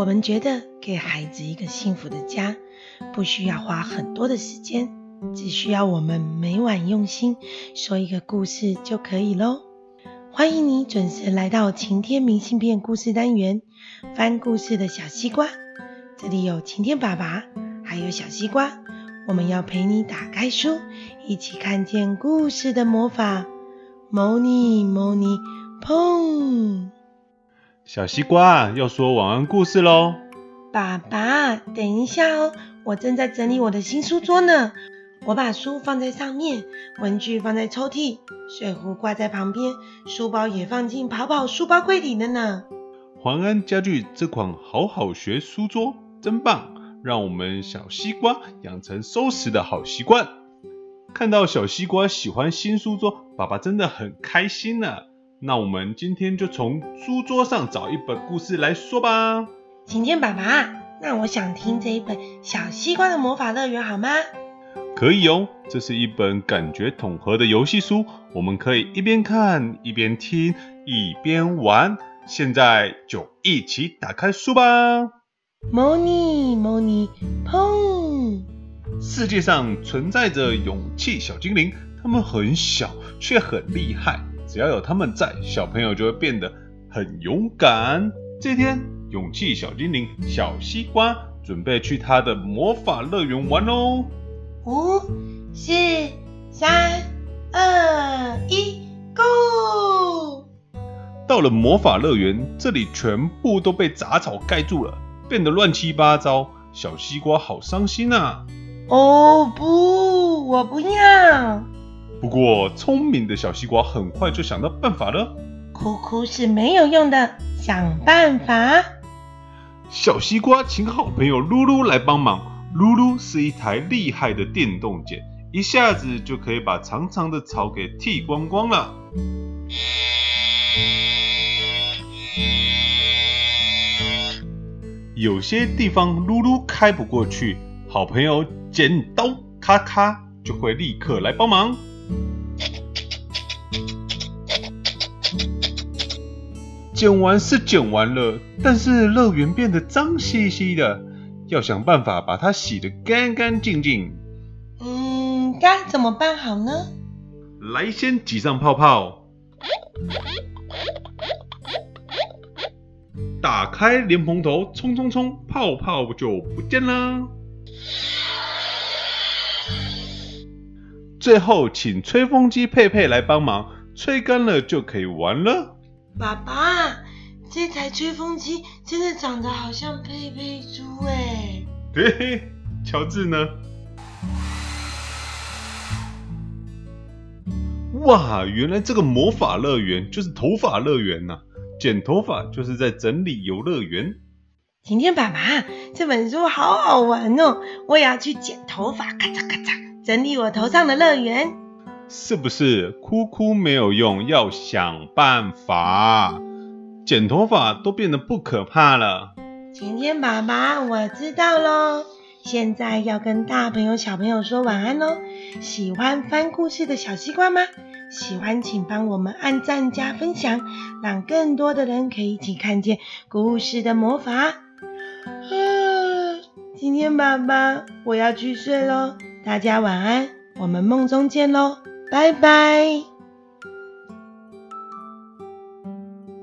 我們覺得給孩子一個幸福的家，不需要花很多的時間，只需要我們每晚用心說一個故事就可以嘍。歡迎你準時來到晴天明信片故事單元，翻故事的小西瓜，這裡有晴天爸爸，還有小西瓜，我們要陪你打開書，一起看見故事的魔法。摩尼，摩尼，碰！小西瓜，要說晚安故事嘍！爸爸，等一下哦，我正在整理我的新書桌呢。我把書放在上面，文具放在抽屜，水壺掛在旁邊，書包也放進跑跑書包櫃裡了呢。環安家具這款好好學書桌真棒，讓我們小西瓜養成收拾的好習慣。看到小西瓜喜歡新書桌，爸爸真的很開心呢、啊。那我們今天就從書桌上找一本故事來說吧。晴天爸爸，那我想聽這一本《小嘻瓜的魔法樂園》，好嗎？可以哦，這是一本感覺統合的遊戲書，我們可以一邊看一邊聽一邊玩。現在就一起打開書吧。摩尼，摩尼，碰！世界上存在着勇氣小精靈，他們很小卻很厲害。只要有他們在，小朋友就會變得很勇敢。這天，勇氣小精靈小西瓜準備去他的魔法樂園玩哦。五、四、三、二、一，Go！到了魔法樂園，這裡全部都被雜草蓋住了，變得亂七八糟。小西瓜好傷心啊！哦、oh, 不，我不要。不過，聰明的小西瓜很快就想到辦法了。哭哭是沒有用的，想辦法。小西瓜請好朋友嚕嚕來幫忙。嚕嚕是一台厲害的電動剪，一下子就可以把長長的草給剃光光了。有些地方嚕嚕開不過去，好朋友剪刀咔咔就會立刻來幫忙。剪完是剪完了，但是樂園變得髒兮兮的，要想辦法把它洗得干干淨淨。嗯，該怎麼辦好呢？來，先擠上泡泡，打開蓮蓬頭，沖沖沖，泡泡就不見了。最後，請吹風機佩佩來幫忙，吹乾了就可以玩了。爸爸。這台吹風機真的長得好像佩佩豬哎！嘿，嘿，喬治呢？哇，原來這個魔法樂園就是頭髮樂園吶，啊！剪頭髮就是在整理遊樂園。晴天爸爸，這本書好好玩哦！我也要去剪頭髮，咔嚓咔嚓，整理我頭上的樂園。是不是哭哭沒有用，要想辦法。剪頭髮都變得不可怕了，晴天爸爸，我知道嘍。現在要跟大朋友、小朋友說晚安嘍。喜歡翻故事的小西瓜嗎？喜歡請幫我們按讚加分享，讓更多的人可以一起看見故事的魔法。啊，晴天爸爸，我要去睡嘍，大家晚安，我們夢中見嘍，拜拜。